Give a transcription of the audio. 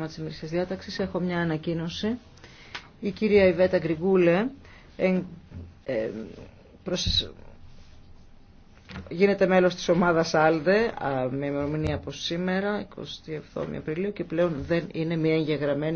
της ημερήσιας διάταξης έχω μια ανακοίνωση. Η κυρία Ιβέτα Γκριγκούλε ε, γίνεται μέλος της ομάδας ΑΛΔΕ με ημερομηνία από σήμερα, 27 Απριλίου και πλέον δεν είναι μια εγγεγραμμένη